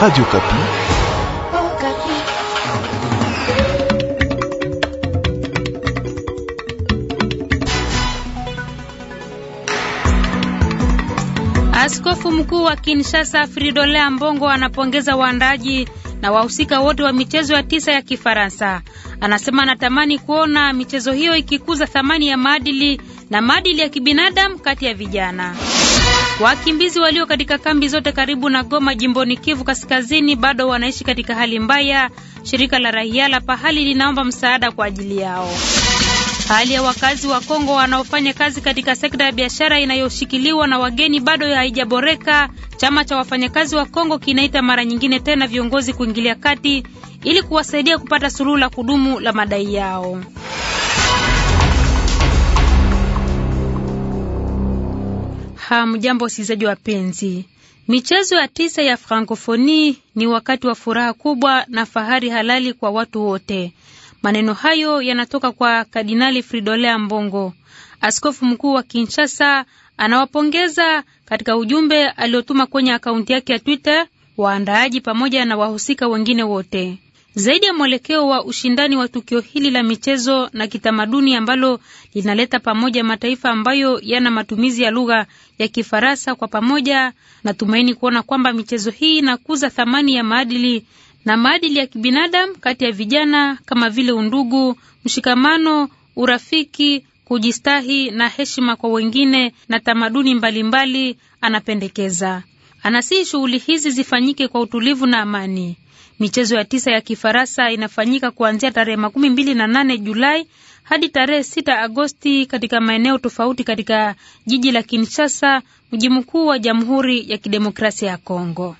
Radio Okapi. Askofu mkuu wa Kinshasa Fridolin Ambongo anapongeza waandaji na wahusika wote wa michezo ya tisa ya Kifaransa. Anasema anatamani kuona michezo hiyo ikikuza thamani ya maadili na maadili ya kibinadamu kati ya vijana. Wakimbizi walio katika kambi zote karibu na Goma jimboni Kivu Kaskazini bado wanaishi katika hali mbaya. Shirika la raia la pahali linaomba msaada kwa ajili yao. Hali ya wakazi wa Kongo wanaofanya kazi katika sekta ya biashara inayoshikiliwa na wageni bado haijaboreka. Chama cha wafanyakazi wa Kongo kinaita mara nyingine tena viongozi kuingilia kati ili kuwasaidia kupata suluhu la kudumu la madai yao. Hamjambo wasikilizaji wapenzi. Michezo ya tisa ya Frankofoni ni wakati wa furaha kubwa na fahari halali kwa watu wote. Maneno hayo yanatoka kwa Kardinali Fridole Mbongo, askofu mkuu wa Kinshasa. Anawapongeza katika ujumbe aliotuma kwenye akaunti yake ya Twitter waandaaji pamoja na wahusika wengine wote zaidi ya mwelekeo wa ushindani wa tukio hili la michezo na kitamaduni ambalo linaleta pamoja mataifa ambayo yana matumizi ya lugha ya Kifaransa kwa pamoja. Natumaini kuona kwamba michezo hii inakuza thamani ya maadili na maadili ya kibinadamu kati ya vijana kama vile undugu, mshikamano, urafiki, kujistahi na heshima kwa wengine na tamaduni mbalimbali mbali, anapendekeza. Anasihi shughuli hizi zifanyike kwa utulivu na amani. Michezo ya tisa ya Kifaransa inafanyika kuanzia tarehe makumi mbili na nane Julai hadi tarehe sita Agosti katika maeneo tofauti katika jiji la Kinshasa, mji mkuu wa Jamhuri ya Kidemokrasia ya Kongo.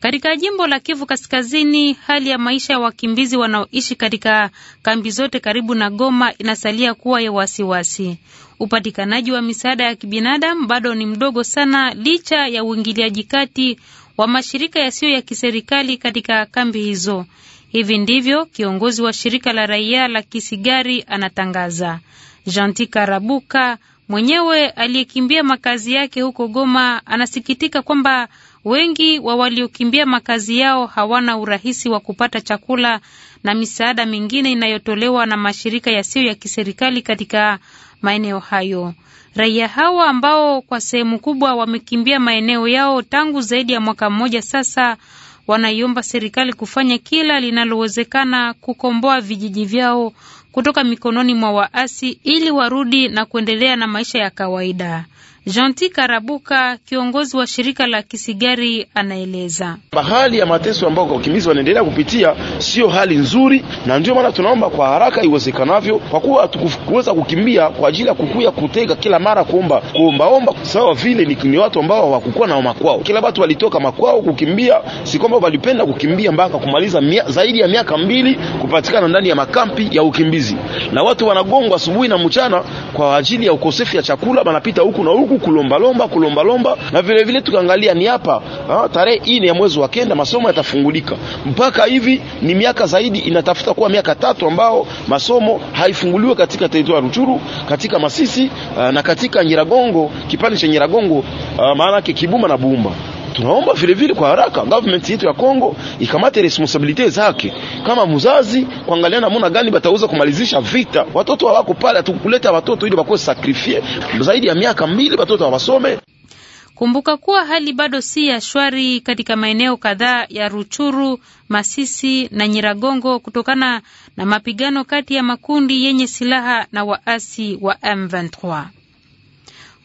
Katika jimbo la Kivu Kaskazini, hali ya maisha ya wakimbizi wanaoishi katika kambi zote karibu na Goma inasalia kuwa ya wasiwasi. Upatikanaji wa misaada ya kibinadamu bado ni mdogo sana, licha ya uingiliaji kati wa mashirika yasiyo ya kiserikali katika kambi hizo. Hivi ndivyo kiongozi wa shirika la raia la Kisigari anatangaza. Janti Karabuka mwenyewe aliyekimbia makazi yake huko Goma anasikitika kwamba wengi wa waliokimbia makazi yao hawana urahisi wa kupata chakula na misaada mingine inayotolewa na mashirika yasiyo ya kiserikali katika maeneo hayo. Raia hawa ambao kwa sehemu kubwa wamekimbia maeneo yao tangu zaidi ya mwaka mmoja sasa, wanaiomba serikali kufanya kila linalowezekana kukomboa vijiji vyao kutoka mikononi mwa waasi ili warudi na kuendelea na maisha ya kawaida. Janti Karabuka, kiongozi wa shirika la Kisigari, anaeleza hali ya mateso ambayo wakimbizi wanaendelea kupitia sio hali nzuri, na ndio maana tunaomba kwa haraka iwezekanavyo, kwa kuwa hatukuweza kukimbia kwa ajili ya kukuya kutega kila mara kuomba kuombaomba, sawa vile ni, ni watu ambao hawakukuwa na makwao, kila watu walitoka makwao kukimbia, si kwamba walipenda kukimbia mpaka kumaliza mia, zaidi ya miaka mbili kupatikana ndani ya makampi ya ukimbizi, na watu wanagongwa asubuhi na mchana kwa ajili ya ukosefu ya chakula, wanapita huku na huku huku kulombalomba kulombalomba, na vilevile vile tukaangalia ni hapa tarehe ine ya mwezi wa kenda masomo yatafungulika. Mpaka hivi ni miaka zaidi inatafuta kuwa miaka tatu ambao masomo haifunguliwe katika teritoria ya Ruchuru, katika Masisi na katika Nyiragongo, kipande cha Nyiragongo maana yake Kibuma na Bumba tunaomba vile vile kwa haraka government yetu ya Kongo ikamate responsibility zake kama mzazi, kuangalia namna gani bataweza kumalizisha vita. Watoto hawako pale, hatukuleta watoto ili bakwe sakrifie zaidi ya miaka mbili, watoto hawasome. Kumbuka kuwa hali bado si ya shwari katika maeneo kadhaa ya Ruchuru, Masisi na Nyiragongo kutokana na mapigano kati ya makundi yenye silaha na waasi wa M23.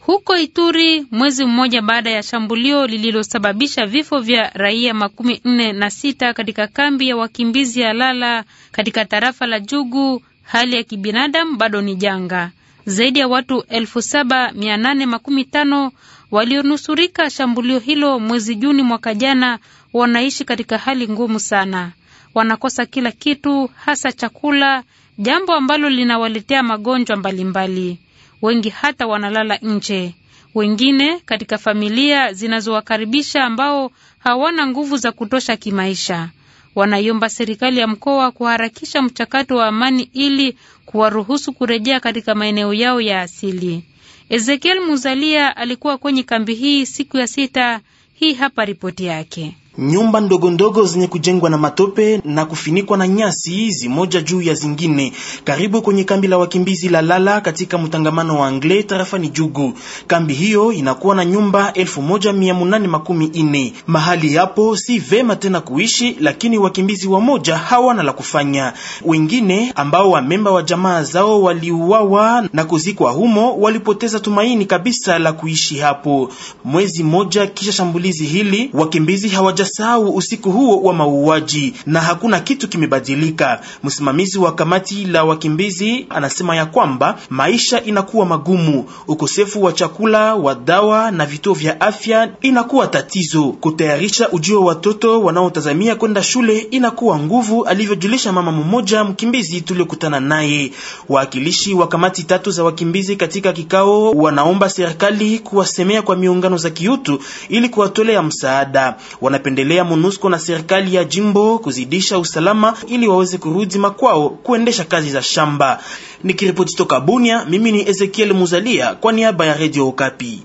Huko Ituri, mwezi mmoja baada ya shambulio lililosababisha vifo vya raia makumi nne na sita katika kambi ya wakimbizi ya Lala katika tarafa la Jugu, hali ya kibinadamu bado ni janga. Zaidi ya watu elfu saba mia nane makumi tano walionusurika shambulio hilo mwezi Juni mwaka jana wanaishi katika hali ngumu sana. Wanakosa kila kitu, hasa chakula, jambo ambalo linawaletea magonjwa mbalimbali mbali wengi hata wanalala nje, wengine katika familia zinazowakaribisha ambao hawana nguvu za kutosha kimaisha. Wanaiomba serikali ya mkoa kuharakisha mchakato wa amani ili kuwaruhusu kurejea katika maeneo yao ya asili. Ezekiel Muzalia alikuwa kwenye kambi hii siku ya sita. Hii hapa ripoti yake. Nyumba ndogo ndogo zenye kujengwa na matope na kufinikwa na nyasi zimoja juu ya zingine, karibu kwenye kambi la wakimbizi la Lala katika mtangamano wa Angle ni Jugu. Kambi hiyo inakuwa na nyumba 1814. mahali hapo si vema tena kuishi, lakini wakimbizi wamoja hawana la kufanya. Wengine ambao wamemba wa jamaa zao waliuawa na kuzikwa humo walipoteza tumaini kabisa la kuishi hapo. Mwezi moja kisha shambulizi hili, wakimbizi hawaja hawajasahau usiku huo wa mauaji na hakuna kitu kimebadilika. Msimamizi wa kamati la wakimbizi anasema ya kwamba maisha inakuwa magumu, ukosefu wa chakula, wa dawa na vituo vya afya inakuwa tatizo. Kutayarisha ujio wa watoto wanaotazamia kwenda shule inakuwa nguvu, alivyojulisha mama mmoja mkimbizi tuliokutana naye. Waakilishi wa kamati tatu za wakimbizi katika kikao wanaomba serikali kuwasemea kwa miungano za kiutu ili kuwatolea msaada. Wanapenda kuendelea MONUSCO na serikali ya jimbo kuzidisha usalama ili waweze kurudi makwao kuendesha kazi za shamba. Nikiripoti toka Bunia, mimi ni Ezekiel Muzalia kwa niaba ya Radio Okapi.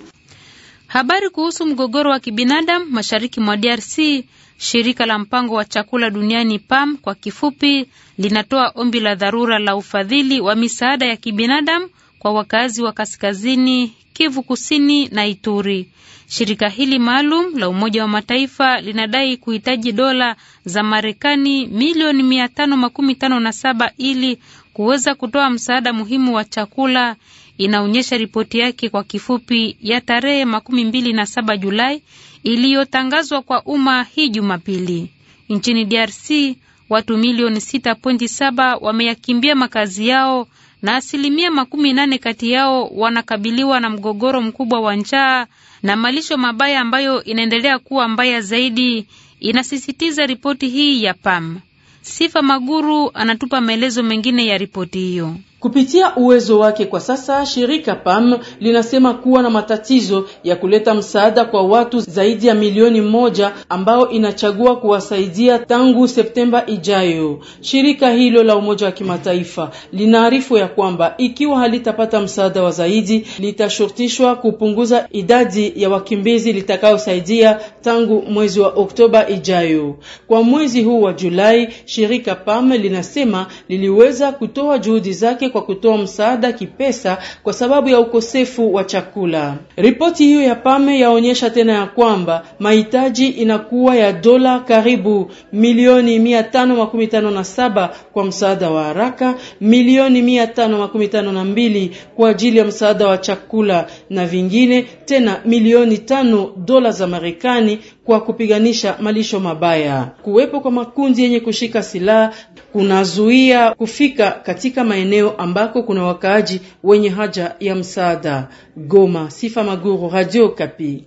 Habari kuhusu mgogoro wa kibinadamu mashariki mwa DRC. Shirika la mpango wa chakula duniani PAM kwa kifupi linatoa ombi la dharura la ufadhili wa misaada ya kibinadamu kwa wakazi wa kaskazini Kivu Kusini na Ituri. Shirika hili maalum la Umoja wa Mataifa linadai kuhitaji dola za Marekani milioni mia tano makumi tano na saba ili kuweza kutoa msaada muhimu wa chakula. Inaonyesha ripoti yake kwa kifupi ya tarehe makumi mbili na saba Julai iliyotangazwa kwa umma hii Jumapili nchini DRC watu milioni 6.7 wameyakimbia makazi yao na asilimia makumi nane kati yao wanakabiliwa na mgogoro mkubwa wa njaa na malisho mabaya ambayo inaendelea kuwa mbaya zaidi, inasisitiza ripoti hii ya PAM. Sifa Maguru anatupa maelezo mengine ya ripoti hiyo. Kupitia uwezo wake kwa sasa, shirika PAM linasema kuwa na matatizo ya kuleta msaada kwa watu zaidi ya milioni moja ambao inachagua kuwasaidia tangu Septemba ijayo. Shirika hilo la Umoja wa Kimataifa linaarifu ya kwamba ikiwa halitapata msaada wa zaidi, litashurutishwa kupunguza idadi ya wakimbizi litakayosaidia tangu mwezi wa Oktoba ijayo. Kwa mwezi huu wa Julai, shirika PAM linasema liliweza kutoa juhudi zake kwa kutoa msaada kipesa kwa sababu ya ukosefu wa chakula. Ripoti hiyo ya PAME yaonyesha tena ya kwamba mahitaji inakuwa ya dola karibu milioni 557 kwa msaada wa haraka, milioni 552 kwa ajili ya msaada wa chakula na vingine tena milioni tano dola za Marekani kwa kupiganisha malisho mabaya. Kuwepo kwa makundi yenye kushika silaha kunazuia kufika katika maeneo ambako kuna wakaaji wenye haja ya msaada. Goma, Sifa Maguru, Radio Kapi.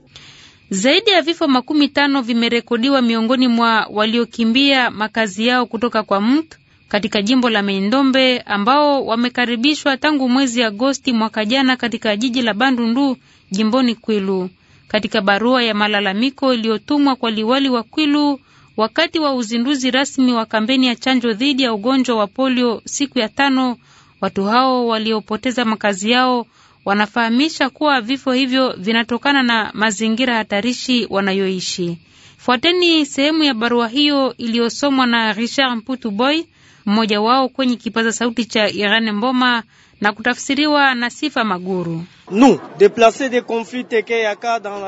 Zaidi ya vifo makumi tano vimerekodiwa miongoni mwa waliokimbia makazi yao kutoka kwa mt katika jimbo la meindombe ambao wamekaribishwa tangu mwezi Agosti mwaka jana katika jiji la Bandundu jimboni Kwilu katika barua ya malalamiko iliyotumwa kwa liwali wa Kwilu wakati wa uzinduzi rasmi wa kampeni ya chanjo dhidi ya ugonjwa wa polio siku ya tano, watu hao waliopoteza makazi yao wanafahamisha kuwa vifo hivyo vinatokana na mazingira hatarishi wanayoishi. Fuateni sehemu ya barua hiyo iliyosomwa na Richard Mputu Boy, mmoja wao kwenye kipaza sauti cha Irene Mboma na kutafsiriwa na Sifa Maguru.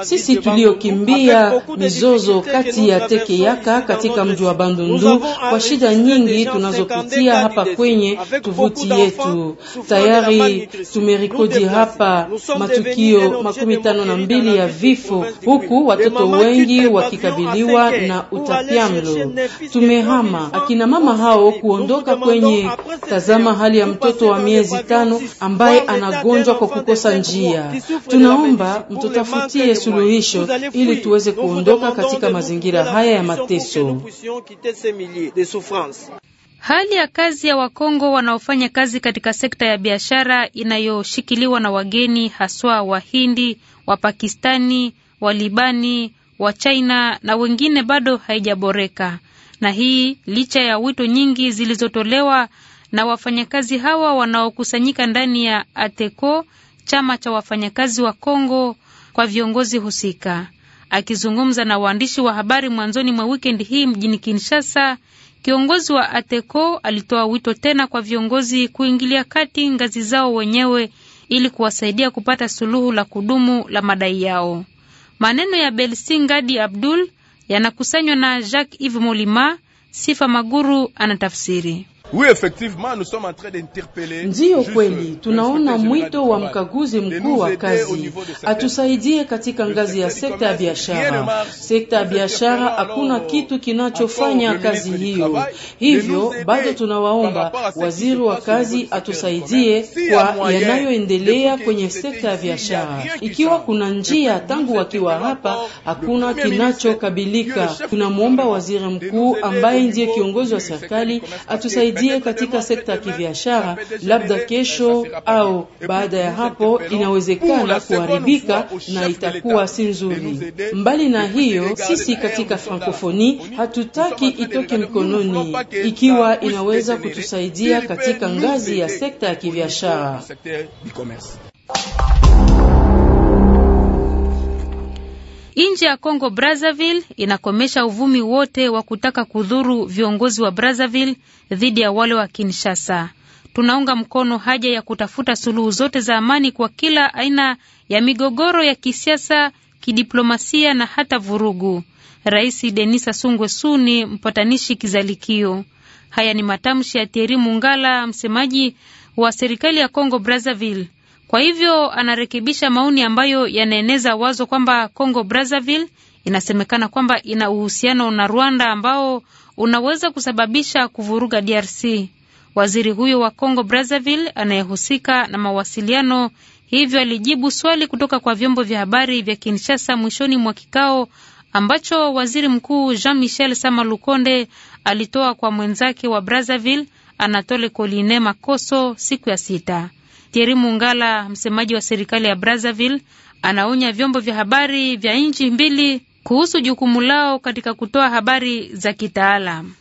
Sisi tuliokimbia mizozo kati ya Tekeyaka katika mji wa Bandundu kwa shida nyingi tunazopitia hapa kwenye tuvuti yetu, tayari tumerikodi hapa matukio makumi tano na mbili ya vifo, huku watoto wengi wakikabiliwa na utapiamlo. Tumehama akina mama hao kuondoka kwenye, tazama hali ya mtoto wa miezi tano ambaye anagonjwa kwa kukosa njia. Tunaomba mtutafutie suluhisho ili tuweze kuondoka katika mazingira haya ya mateso. Hali ya kazi ya Wakongo wanaofanya kazi katika sekta ya biashara inayoshikiliwa na wageni haswa Wahindi, Wapakistani, Walibani, Wachina na wengine bado haijaboreka. Na hii licha ya wito nyingi zilizotolewa na wafanyakazi hawa wanaokusanyika ndani ya ATECO, chama cha wafanyakazi wa Kongo, kwa viongozi husika. Akizungumza na waandishi wa habari mwanzoni mwa wikendi hii mjini Kinshasa, kiongozi wa ATECO alitoa wito tena kwa viongozi kuingilia kati ngazi zao wenyewe ili kuwasaidia kupata suluhu la kudumu la madai yao. Maneno ya Belsingadi Abdul yanakusanywa na Jacques Yves Molima. Sifa Maguru anatafsiri. Oui, effectivement, nous sommes en train d'interpeller. Ndiyo kweli, tunaona mwito wa mkaguzi mkuu wa kazi atusaidie katika ngazi ya sekta ya biashara. Sekta ya biashara hakuna kitu kinachofanya kazi hiyo, hivyo bado tunawaomba waziri wa kazi atusaidie kwa yanayoendelea kwenye sekta ya biashara. Ikiwa kuna njia tangu wakiwa hapa, hakuna kinachokabilika. Tunamwomba waziri mkuu ambaye ndiye kiongozi wa serikali atusaidie tusaidie katika sekta ya kibiashara, labda kesho au baada ya hapo inawezekana kuharibika na itakuwa si nzuri. Mbali na hiyo, sisi katika Frankofoni hatutaki itoke mikononi, ikiwa inaweza kutusaidia katika ngazi ya sekta ya kibiashara. nje ya Congo Brazzaville inakomesha uvumi wote wa kutaka kudhuru viongozi wa Brazzaville dhidi ya wale wa Kinshasa. Tunaunga mkono haja ya kutafuta suluhu zote za amani kwa kila aina ya migogoro ya kisiasa, kidiplomasia na hata vurugu. Rais Denis Sassou Nguesso ni mpatanishi kizalikio. Haya ni matamshi ya Thierry Mungala, msemaji wa serikali ya Congo Brazzaville. Kwa hivyo anarekebisha maoni ambayo yanaeneza wazo kwamba Congo Brazzaville inasemekana kwamba ina uhusiano na Rwanda ambao unaweza kusababisha kuvuruga DRC. Waziri huyo wa Congo Brazzaville anayehusika na mawasiliano hivyo alijibu swali kutoka kwa vyombo vya habari vya Kinshasa mwishoni mwa kikao ambacho waziri mkuu Jean Michel Sama Lukonde alitoa kwa mwenzake wa Brazzaville Anatole Coline Makoso siku ya sita. Thierry Mungala, msemaji wa serikali ya Brazzaville, anaonya vyombo vya habari vya nchi mbili kuhusu jukumu lao katika kutoa habari za kitaalamu.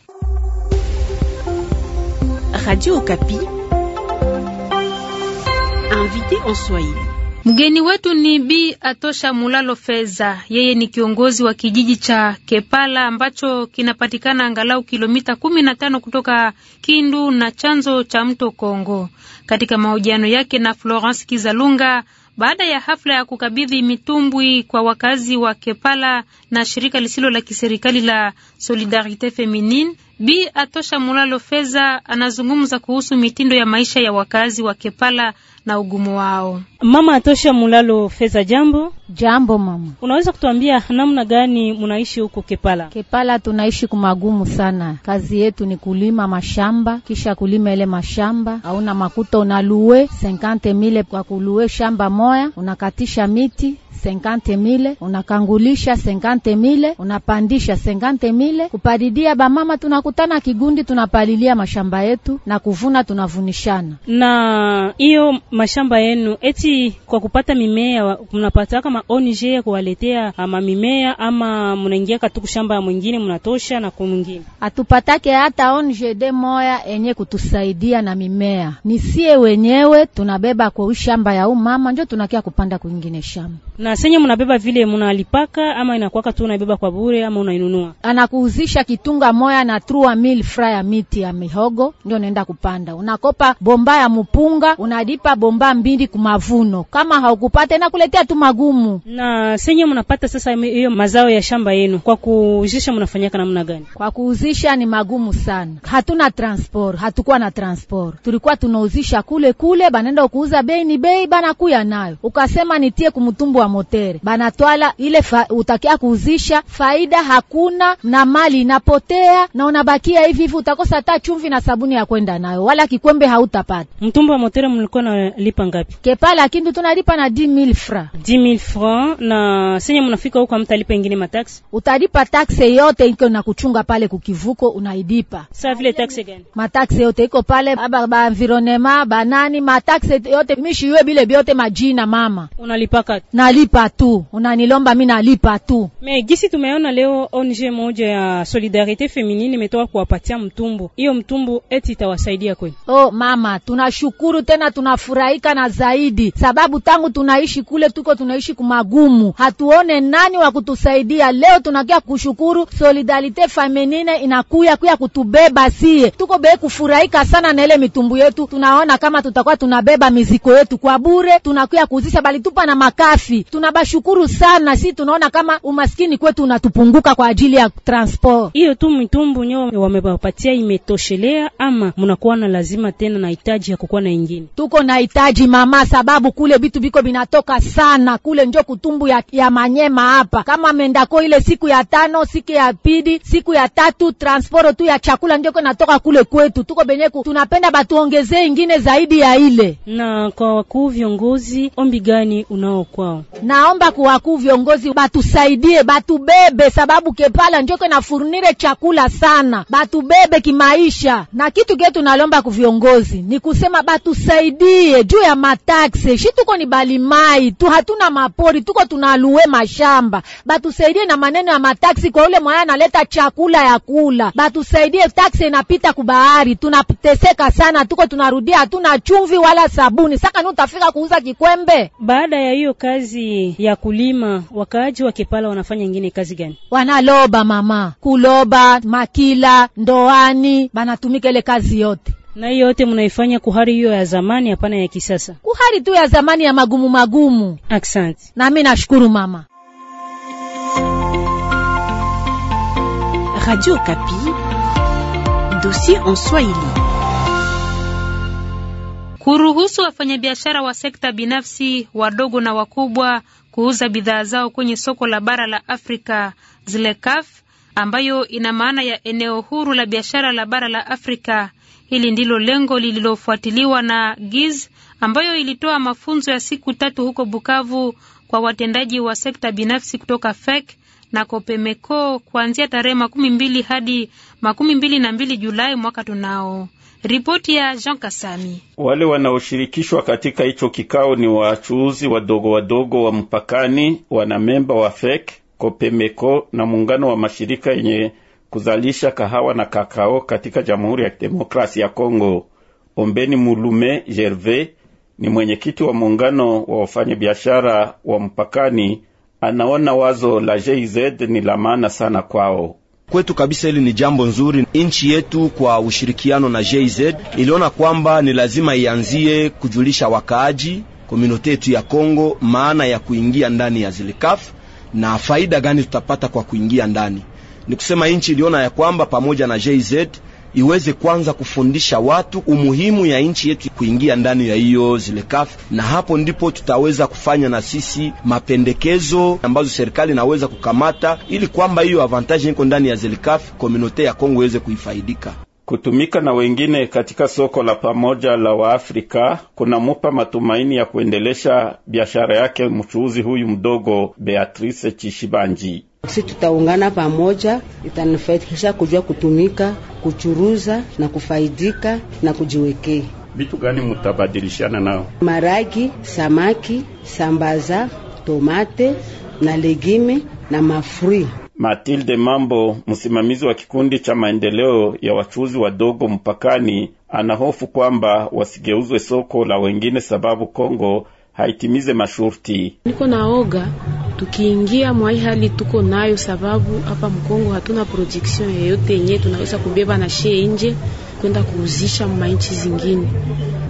Radio Okapi, invité en Swahili. Mgeni wetu ni Bi Atosha Mulalo Feza. Yeye ni kiongozi wa kijiji cha Kepala ambacho kinapatikana angalau kilomita kumi na tano kutoka Kindu na chanzo cha mto Kongo. Katika mahojiano yake na Florence Kizalunga baada ya hafla ya kukabidhi mitumbwi kwa wakazi wa Kepala na shirika lisilo la kiserikali la Solidarite Feminine, Bi Atosha Mulalo Feza anazungumza kuhusu mitindo ya maisha ya wakazi wa Kepala na ugumu wao. Mama Atosha Mulalo Feza, jambo jambo. Mama, unaweza kutuambia namna gani munaishi huko Kepala? Kepala tunaishi kumagumu sana, kazi yetu ni kulima mashamba, kisha kulima ile mashamba hauna makuta, unaluwe 50000 kwa kuluwe shamba moya, unakatisha miti mile unakangulisha mile unapandisha mile kupalilia. Bamama tunakutana kigundi, tunapalilia mashamba yetu na kuvuna, tunavunishana na hiyo mashamba yenu eti basi kwa kupata mimea mnapata kama ONG ya kuwaletea ama mimea ama mnaingia katuku shamba ya mwingine mnatosha na kumwingine. atupatake hata ONG de moya enye kutusaidia na mimea. Ni sie wenyewe tunabeba kwa ushamba ya umama njo tunakia kupanda kwingine shamba. Na senye mnabeba vile mnalipaka ama inakuwaka tu unabeba kwa bure ama unainunua. Anakuuzisha kitunga moya na 3000 fra ya miti ya mihogo ndio unaenda kupanda. Unakopa bomba ya mupunga, unadipa bomba mbili kumavu mavuno, kama haukupata inakuletea tu magumu. Na senye mnapata sasa hiyo mazao ya shamba yenu, kwa kuuzisha mnafanyaka namna gani? Kwa kuuzisha ni magumu sana, hatuna transport, hatukuwa na transport, tulikuwa tunauzisha kule kule, banaenda kuuza bei ni bei, banakuya nayo, ukasema nitie kumtumbu wa motere, banatwala ile fa, utakia kuuzisha, faida hakuna na mali inapotea na unabakia hivi hivi, utakosa hata chumvi na sabuni ya kwenda nayo, wala kikwembe hautapata. Mtumbu wa motere mlikuwa nalipa ngapi? Kepala lakini tunalipa na 10000 francs 10000 francs na senye mnafika huko mtalipa ingine mataksi, utalipa tax yote iko na kuchunga pale kukivuko unaidipa. Sasa vile taxe gani? Mataksi yote iko pale ba, ba environnement banani mataksi yote mishi yue bile biote majina mama unalipa kat? Nalipa tu unanilomba mimi nalipa tu me gisi. Tumeona leo ONG moja ya Solidarite Feminine imetoka kuwapatia mtumbo. hiyo mtumbo eti itawasaidia kweli? Oh mama, tunashukuru tena tunafurahika na zaidi sababu tangu tunaishi kule tuko tunaishi kumagumu, hatuone nani wa kutusaidia. Leo tunakia kushukuru Solidarite Feminine inakuya kuya kutubeba sie, tuko be kufurahika sana na ile mitumbu yetu, tunaona kama tutakuwa tunabeba miziko yetu kwa bure, tunakuya kuuzisha balitupa na makafi. Tunabashukuru sana, si tunaona kama umaskini kwetu unatupunguka kwa ajili ya transport hiyo. Tu mitumbu nyo wamepatia imetoshelea, ama munakuwa na lazima tena na hitaji ya kukuwa na ingine? Tuko na hitaji mama, sababu sababu kule bitu biko binatoka sana kule, njo kutumbu ya, ya Manyema hapa. Kama mendako ile siku ya tano, siku ya pili, siku ya tatu, transporo tu ya chakula njoko natoka kule kwetu. Tuko benyeku tunapenda batuongezee ingine zaidi ya ile. Na kwa wakuu viongozi, ombi gani unao kwao? Naomba kwa wakuu viongozi batusaidie, batubebe, sababu kepala na nafurnire chakula sana, batubebe kimaisha. Na kitu ketu nalomba kuviongozi ni kusema batusaidie juu ya mataxi jeshi tuko ni balimai tu, hatuna mapori, tuko tunalue mashamba. Batusaidie na maneno ya mataksi kwa ule mwana analeta chakula ya kula, batusaidie. Taksi inapita kubahari, tunateseka sana, tuko tunarudia, hatuna chumvi wala sabuni. Saka ni utafika kuuza kikwembe. Baada ya hiyo kazi ya kulima, wakaaji wa Kipala wanafanya ingine kazi gani? Wanaloba mama, kuloba makila, ndoani, banatumika ile kazi yote na hiyo yote mnaifanya kuhari hiyo ya zamani, hapana ya kisasa, kuhari tu ya zamani ya magumu magumu. Asante, mimi nashukuru mama. Radio Kapi, dossier en Swahili. Kuruhusu wafanyabiashara wa sekta binafsi wadogo na wakubwa kuuza bidhaa zao kwenye soko la bara la Afrika ZLECAf, ambayo ina maana ya eneo huru la biashara la bara la Afrika. Hili ndilo lengo lililofuatiliwa na Giz ambayo ilitoa mafunzo ya siku tatu huko Bukavu kwa watendaji wa sekta binafsi kutoka FEC na Kopemeko kuanzia tarehe makumi mbili hadi makumi mbili na mbili Julai mwaka tunao. Ripoti ya Jean Kasami. Wale wanaoshirikishwa katika hicho kikao ni wachuuzi wadogo wadogo wa mpakani, wanamemba wa FEC, Kopemeko na muungano wa mashirika yenye kuzalisha kahawa na kakao katika Jamhuri ya Demokrasia ya Kongo. Ombeni Mulume Gervais ni mwenyekiti wa muungano wa wafanyabiashara wa mpakani, anaona wazo la JZ ni la maana sana kwao. Kwetu kabisa hili ni jambo nzuri. Nchi yetu kwa ushirikiano na JZ iliona kwamba ni lazima ianzie kujulisha wakaaji komunote yetu ya Kongo maana ya kuingia ndani ya zilikafu na faida gani tutapata kwa kuingia ndani ni kusema nchi iliona ya kwamba pamoja na JZ iweze kwanza kufundisha watu umuhimu ya nchi yetu kuingia ndani ya hiyo zile kafu, na hapo ndipo tutaweza kufanya na sisi mapendekezo ambazo serikali inaweza kukamata ili kwamba hiyo avantage iko ndani ya zile kafu, komunote ya Kongo iweze kuifaidika. Kutumika na wengine katika soko la pamoja la Waafrika kunamupa matumaini ya kuendelesha biashara yake mchuuzi huyu mdogo Beatrice Chishibanji. Si tutaungana pamoja, itanifaidisha kujua kutumika, kuchuruza na kufaidika na kujiwekea vitu gani. Mutabadilishana nao maragi, samaki, sambaza, tomate na legime na mafrui Matilde Mambo, msimamizi wa kikundi cha maendeleo ya wachuuzi wadogo mpakani, anahofu kwamba wasigeuzwe soko la wengine, sababu Kongo haitimize mashurti. Niko naoga tukiingia mwai hali tuko nayo, sababu hapa Mkongo hatuna production yoyote yenye tunaweza kubeba na she nje kwenda kuuzisha mainchi zingine.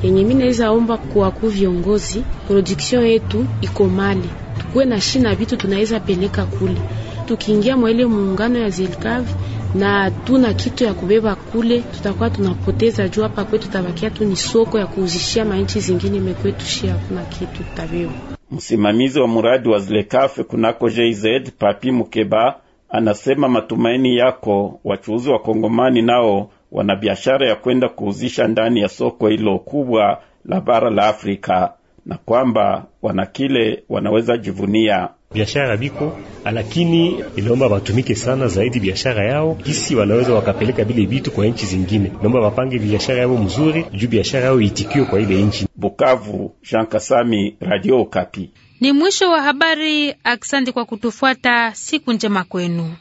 Yenye mimi naweza omba kwa ku viongozi, production yetu iko mali, tukuwe na shina vitu tunaweza peleka kule tukiingia mwele muungano ya Zelkavi na tuna kitu ya kubeba kule, tutakuwa tunapoteza juu hapa kwetu tabakia tu ni soko ya kuuzishia manchi zingine mekwetu shia, kuna kitu tutabeba. Msimamizi wa muradi wa Zelkavi kunako JZ Papi Mukeba anasema matumaini yako wachuuzi wa Kongomani nao wana biashara ya kwenda kuuzisha ndani ya soko hilo kubwa la bara la Afrika na kwamba wana kile wanaweza jivunia biashara biko lakini inaomba watumike sana zaidi biashara yao, kisi wanaweza wakapeleka bile vitu kwa nchi zingine. Naomba wapange biashara yao mzuri, juu biashara yao itikio kwa ile nchi. Bukavu, Jean Kasami, Radio Kapi. Ni mwisho wa habari. Aksandi kwa kutufuata, siku njema kwenu.